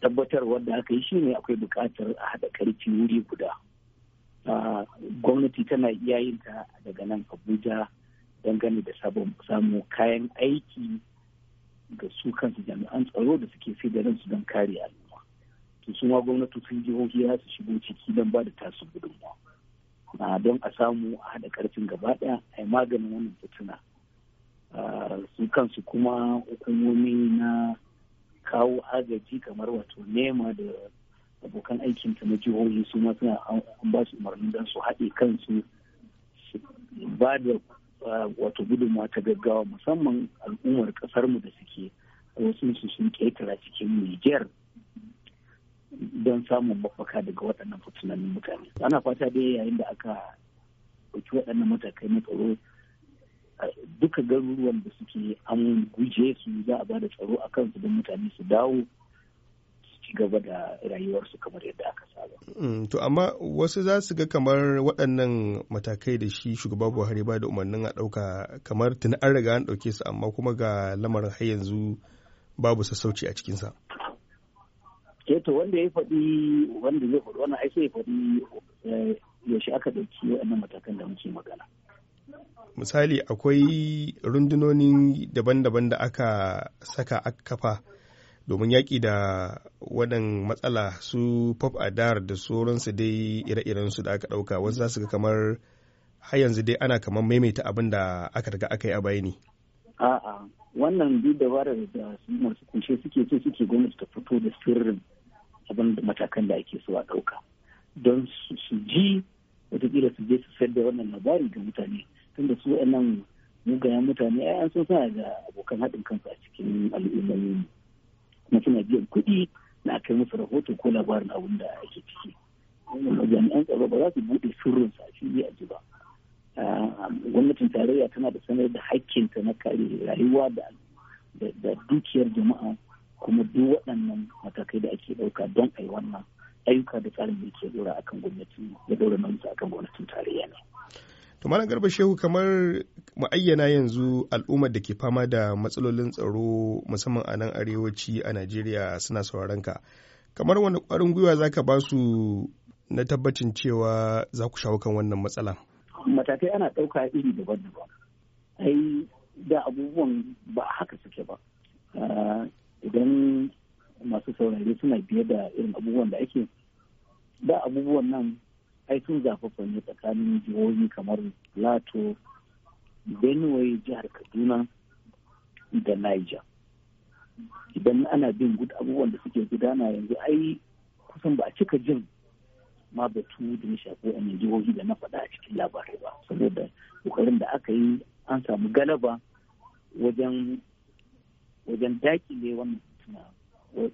tabbatar wadda aka yi shine akwai bukatar a haɗa karfi wuri guda gwamnati tana iya yin ta daga nan abuja dangane da samun kayan aiki ga su kansu jami'an tsaro da suke sai da ransu don kare al'umma to su ma gwamnati sun jihohi za su shigo ciki don ba da tasu gudunmawa don a samu a haɗa karfin gaba ɗaya a yi maganin wannan fitina su kansu kuma hukumomi na kawo agaji kamar wato nema da abokan aikin ta na jihohi su ma suna an ba su umarnin don su haɗe kansu su ba da wato gudunmawa ta gaggawa musamman al'ummar ƙasarmu da suke wasu su sun ƙetara cikin niger don samun mafaka daga waɗannan fitunanin mutane ana fata dai yayin da aka ɗauki waɗannan matakai na tsaro duka garuruwan da suke an guje su za a bada tsaro a kansu don mutane su dawo su ci gaba da rayuwarsu kamar yadda aka saba. Mm, to amma wasu za su ga kamar waɗannan matakai da shi shugaba Buhari ba da umarnin a ɗauka kamar tuni an riga an ɗauke su amma kuma ga lamarin har yanzu babu sassauci a cikinsa. Keto wanda ya faɗi wanda zai faɗi wannan ai ya faɗi eh, yaushe aka ɗauki waɗannan matakan da muke magana. misali akwai rundunoni daban-daban da aka saka aka kafa domin yaƙi da waɗan matsala su pop adar da sauransu dai ire-irensu da aka ɗauka wasu za su ga kamar har yanzu dai ana kamar maimaita abin da aka daga aka yi a bayani. A'a wannan duk dabarar da su masu kunshe suke ce suke gwamnati ta fito da sirrin abin da matakan da ake so a ɗauka. watakila su je su sayar da wannan labari ga mutane tunda su waɗannan mugayen mutane ai an san suna da abokan haɗin kansu a cikin yi kuma suna biyan kuɗi na kai musu rahoto ko labarin abin da ake ciki jami'an tsaro ba za su buɗe su a fili a ji ba gwamnatin tarayya tana da sanar da ta na kare rayuwa da dukiyar jama'a kuma duk waɗannan matakai da ake ɗauka don a yi wannan ayyuka da tsarin mulki ya dora akan gwamnati ya dora nauyi akan gwamnatin tarayya ne to malam garba shehu kamar ma'ayyana yanzu al'ummar da ke fama da matsalolin tsaro musamman a nan arewaci a najeriya suna sauraron ka kamar wani kwarin gwiwa za ka ba su na tabbacin cewa za ku shawo kan wannan matsala matakai ana ɗauka iri daban-daban ai da abubuwan ba haka saurari suna biye da irin abubuwan da ake da abubuwan nan ai sun zafafa ne tsakanin jihohi kamar lato benue jihar kaduna da niger idan ana bin abubuwan da suke gudana yanzu ai kusan ba a cika jin ma batu da ya shafi wani jihohi da na faɗa a cikin labarai ba saboda kokarin da aka yi an samu galaba wajen wajen dakile wannan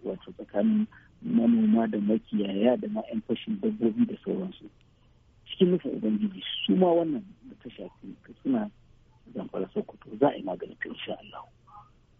wato tsakanin manoma da makiyaya da ma 'yan fashin dabbobi da sauransu cikin nufin ubangiji su ma wannan da ta shafi suna zamfara sokoto za a yi maganin insha Allah.